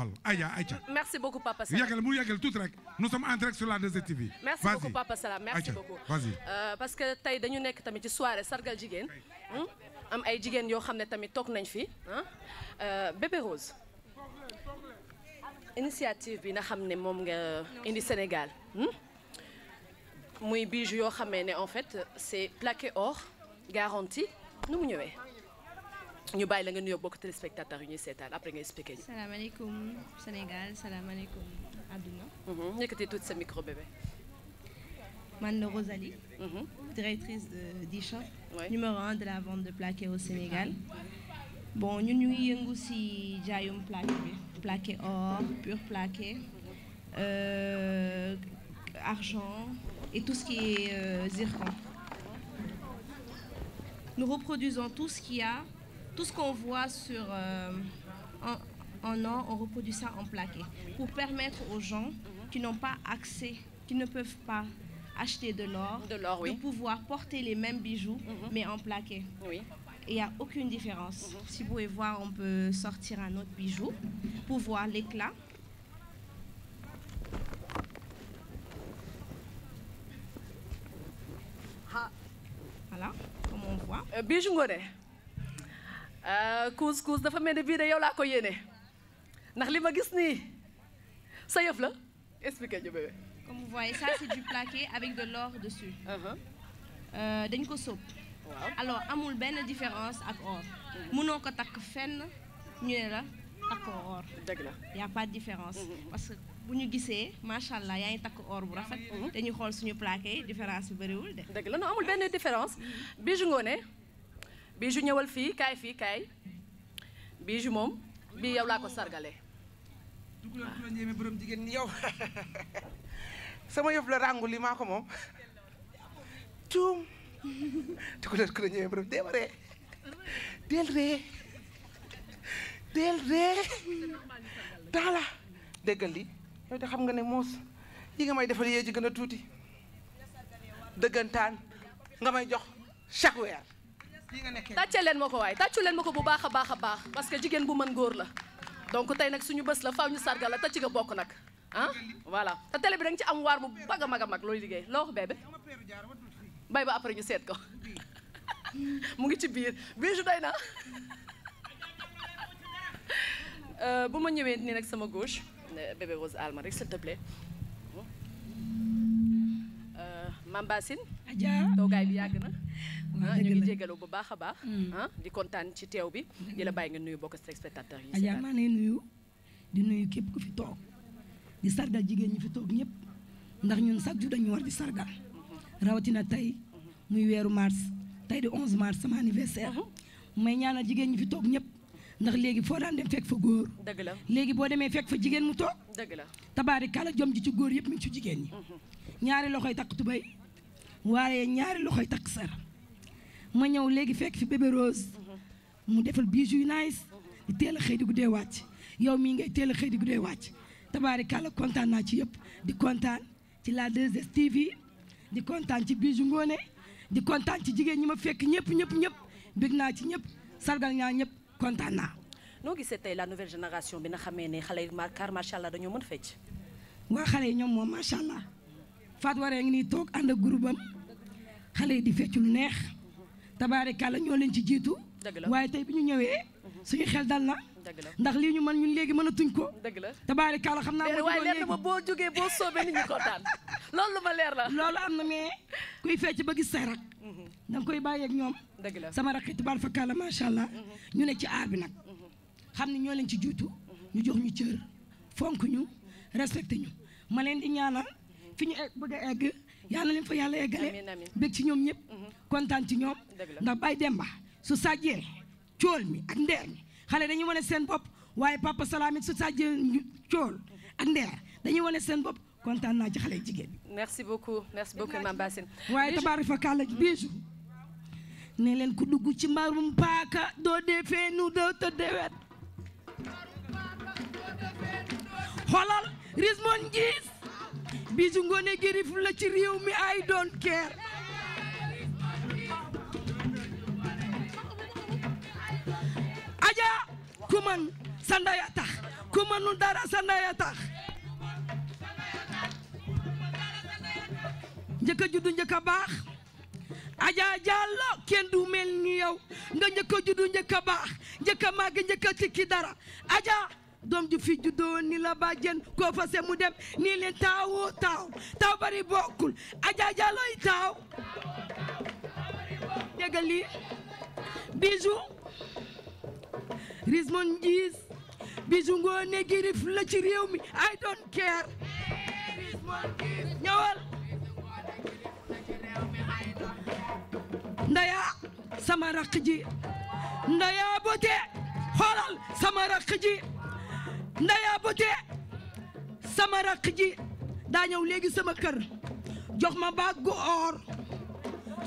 xol Aya Aïcha. merci beaucoup Papa Salam yàggal mu yàggal tuuti rek nous sommes en direct sur la 2 merci beaucoup Papa Salam merci beaucoup euh, parce que tey dañu nekk tamit ci soirée sargal jigéen hmm? am ay jigéen yoo xam ne tamit toog nañ fi euh, Bébé Rose initiative bi nga xam ne moom nga indi Sénégal hmm? muy bijou yoo xamee ne en fait c'est plaqué or garanti nu mu ñëwee. ñu bàyyi la nga nuyoo bokk téléspectateurs yu ñuy seetaan après nga expliqué ñu. salaamaaleykum Sénégal salaamaaleykum àdduna. nekkati mhm, tuuti sa micro bébé. man Rosalie. Mhm. directrice de Dichop. numéro un de la vente de plaqué au Sénégal. bon ñun ñu ngi yëngu si jaayum or pur plaqué. Euh, argent et tout ce qui est euh, zircon. nous reproduisons tout ce qu'il y a. tout ce qu'on voit sur, euh, en, en, on reproduit ça en plaqué pour permettre aux gens qui n'ont pas accès, qui ne peuvent pas acheter de l'or, de, pouvoir porter les mêmes bijoux, mhm. mais en plaqué. il n'y a aucune différence. Mhm. Si vous peut sortir un autre bijou pour l'éclat. comme on voit. Euh, kuus euh, kuus dafa mel ne bii de yow laa ko yéene ndax li ma gis nii sa yëf la expliqué ñu bébé. comme vous voyez ça c'est du avec de l'or dessus. Uh-huh. Euh, dañ ko sóob. waaw alors amul benn différence ak or. mënoo ko takk fenn ñu ne la takk or. dëgg la y a pas de différence. Mm-hmm. parce que bu ñu gisee macha allah yaa ngi takk or bu rafet. Mm-hmm. dañu xool suñu plaqué différence bi bëriwul de. dëgg la non amul benn différence ah, bi ju ngoone Bijou ñëwal fii kaay fii kaay Bijou moom bii yow laa ko sargale yow sama yëf la ràngu li maa ko moom tuum dugg leen ree del ree del ree li yow de xam nga ne moos yi nga may defal yee ji gën a tuuti dëggantaan nga may jox chaque weer tàccee leen ma ko waaye tàccu leen ma ko bu baax a baax a baax parce que jigéen bu mën góor la donc tey nag suñu bés la faaw ñu sargal la te ci nga bokk nag ah voilà te télé bi da ci am waar bu bag a mag a mag looy liggéey loo wax bébé bay ba après ñu seet ko mu ngi ci biir biir ju doy na euh, bu ma ñëwee nii nag sama gauche bébé Rose alma rek s'il te Mame Bassine Adja toogaay yàgg na ah, ñu ngi jégalu bu baax a baax mm. ah, di kontaan ci teew bi di la bàyyi nga nuyu bokk spectateurs yi Adja maa ngi nuyu di nuyu képp ku fi toog di sargal jigéen ñi fi toog ñëpp ndax ñun chaque jour dañu war di sargal mm-hmm. rawatina tey mm-hmm. muy weeru mars tey di 11 mars sama anniversaire mm-hmm. may ñaanal jigéen ñi fi toog ñëpp ndax léegi foo daan dem fekk fa góor dëgg la léegi boo demee fekk fa jigéen mu toog dëgg la tabaarikàlla jom ji ci góor yëpp mu ngi ci jigéen ñi ñaari loxoy takk tubay waaye ñaari loxoy takk sar ma ñëw léegi fekk fi bébé rose mu defal bijou yu nice di teel a xëy di guddee wàcc yow mii ngay teel a xëy di guddee wàcc tabaarikàlla kontaan naa ci yëpp di kontaan ci la 2STV di kontaan ci bijou ngoone di kontaan ci jigéen ñi ma fekk ñëpp ñëpp ñëpp bég naa ci ñëpp sargal naa ñëpp kontaan naa. noo gisee tey la nouvelle génération bi nga xamee ne xale yi maa kàr macha allah dañoo mën fecc. waa xale yi ñoom moom macha allah. faat waree ngi nii toog ànd ak groupe am xale yi di fecc lu neex tabaarikàlla ñoo leen ci jiitu waaye tey bi ñu ñëwee mhm. suñu xel dal na ndax lii ñu man ñu léegi mënatuñ ko tabaarikàlla xam naa waaye leer na ma boo jógee boo soobee nit ñi kontaan loolu lu ma leer la loolu am na mais kuy fecc ba gis say rak mhm. da koy bàyyeek ñoom sama rakk tubaar fa kàlla macha allah mhm. ñu ne ci aar bi nag xam ne ñoo leen ci jiitu ñu jox ñu cër fonk ñu respecté ñu ma leen fi ñu bëgg a egg yal na leen fa yàlla eggale bég ci ñoom ñëpp mhm. kontaan ci ñoom ndax bay Demba su sàjjee cool mi ak ndeer mi xale dañuy wane seen bopp waaye papa salaamit su sàjjee cool ak ndeer dañuy wane seen bopp kontaan naa ci xale jigéen merci beaucoup waaye tabaari fa kàlla biisu ne leen ku dugg ci mbarum paaka doo defee nu doo tëddee wet xolal rismon bisu ngoone girif la ci réew mi I don't care aja ku man sa tax ku dara sa ndaya tax njëkk a juddu njëkk a kenn du mel ni yow nga njëkk a juddu njëkk a dara Adja doom ju fi juddoo ni la bàjjen koo fase mu dem nii leen taawu taaw taaw bari bokkul ajaajalooy taaw déggal lii bijou rismon njiis ngoone girif la ci réew mi I don't care ñëwal ndaya sama rakk ji ndaya bote xoolal sama rakk ji Ndeya Beauté sama rakk ji daa ñëw léegi sama kër jox ma baag gu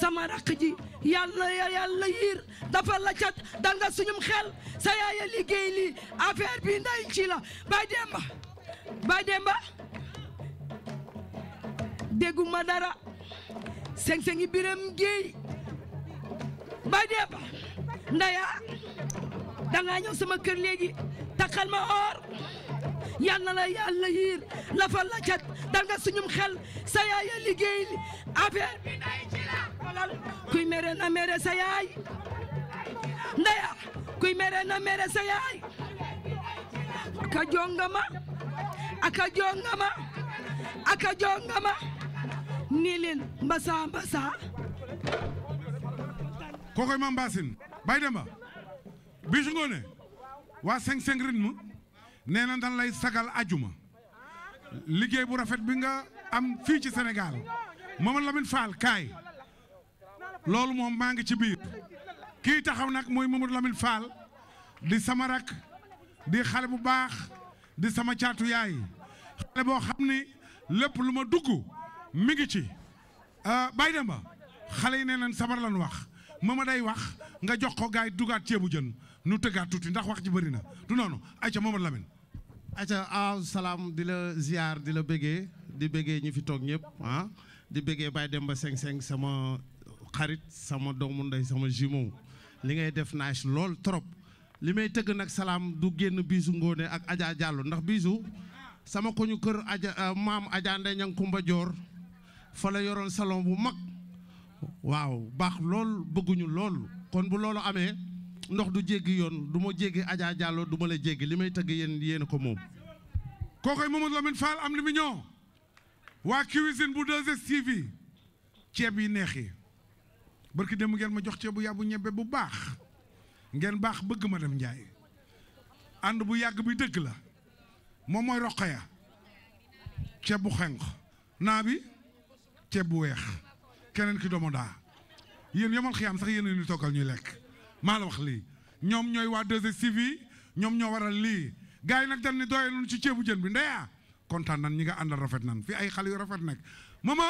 sama raq ji yàlla yàlla yiir dafa la cat dal suñum xel sa yaaya liggéey lii affaire bi nday ci la Baye Demba Baye Demba dégguma dara seng-sengi biram géey Baye Demba Ndeya da ngaa ñëw sama kër léegi takkal ma or yal na la yàlla lafal la cat suñum xel sa yaay a liggéey affaire bi day ci la na mere sa yaay ndaya kuy mere na mere sa yaay aka jongama aka jongama aka jongama nilin mbasa mbasa kokoy ma mbasin bay demba bisu ngoone waa cinq cinq rythme nee na dan lay sagal ajuma liggéey bu rafet bi nga am fii ci Sénégal Mamadou Lamine Fall kaay loolu moom maa ngi ci biir kii taxaw nag mooy Mamadou Lamine Fall di sama rak di xale bu baax di sama caatu yaay xale boo xam ni lépp lu ma dugg mi ngi ci bàyyi ah, ba xale yi nee nañ sabar lan wax mama day wax nga jox ko gaay dugaat ceebu jën nu tëggaat tuuti ndax wax ci bëri na du noonu ayca Mamadou Lamine aca aw salaam di la ziar di la bëggee di bëggee ñi fi toog ñëpp ah di bëggee Baye Demba Seng-Seng sama xarit sama doomu ndey sama jumeau li ngay def naaj lool trop li may tëgg nag salaam du génn biisu ngóone ak Adja Diallo ndax biisu sama ko ñu kër Adja euh, maam Adja Ndeye Niang fa la yoroon salon bu mag waaw baax lool bëgguñu lool kon bu loolu amee ndox du jéggi yoon du ma jéggi Adja Diallo du ma la jéggi li may tëgg yenn yéen ko moom. kookoy Mamadou Lamine Fall am li mu ñëw waa cuisine bu 2STV ceeb yi neex yi barki dem ngeen ma jox bu yàbbu ñebbe bu baax ngeen baax bëgg ma dem njaay ànd bu yàgg bi dëgg la moom mooy roqaya ceeb bu xenq naa bi ceeb bu weex keneen ki domodaa yéen yomal xiyaam sax yéen a ni toggal ñuy lekk. maa la wax lii ñoom ñooy waa 2STV yi ñoom ñoo waral lii gars yi nag dañ ni doyaluñ ci ceebu jën bi ndeyaa kontaan nan ñi nga àndal rafet nan fii ay xale yu rafet nekk mooma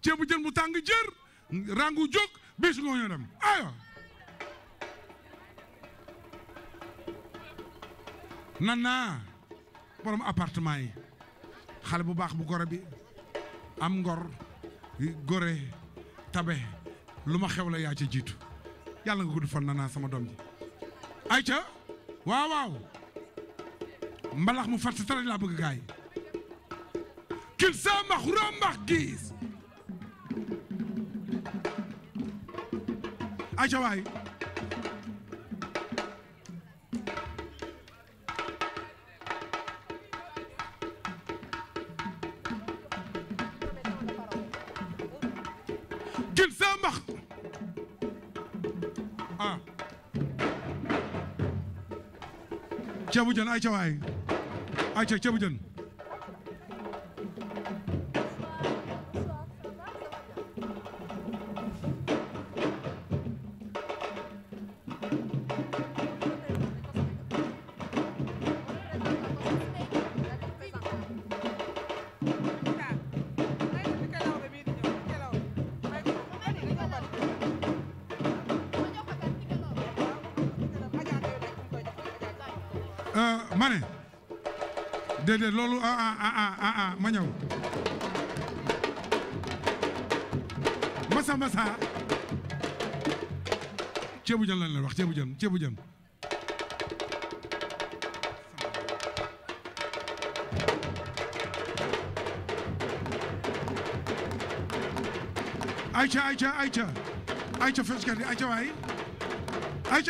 ceebu jën bu tàng jër rangu jóg bis nga ñu dem ayo nan naa borom appartement yi xale bu baax bu gore bi am ngor gore tabe lu ma xew la yaa ca jiitu yàlla nga gudd fan na naa sama doom ji ayca waaw waaw mbalax mu fàtt tara laa bëgg gaay kin saa mbax roo mbax giis ayca waay ceebu jën ayca waay ayca ceebu jën mane ne loolu ah ah, ah ah ah ah ma ñëw ceebu jën lan la wax ceebu jën ceebu jën ayca ayca ayca ayca fecc kat ayca waay